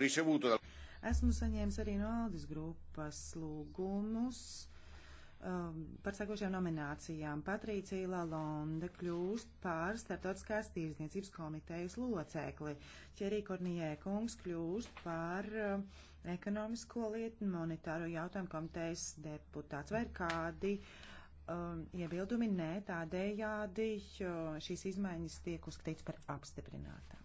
ricevuto. Esmu saņēmis arī no Aldis grupas lūgumus um, par sakošajām nominācijām. Patricija Lalonde kļūst par starptautiskās tīrzniecības komitejas locekli. Čerī Kornijē kungs kļūst par um, ekonomisko lietu monetāro jautājumu komitejas deputāts. Vai ir kādi um, iebildumi? Nē, tādējādi šīs izmaiņas tiek uzskatīts par apstiprinātām.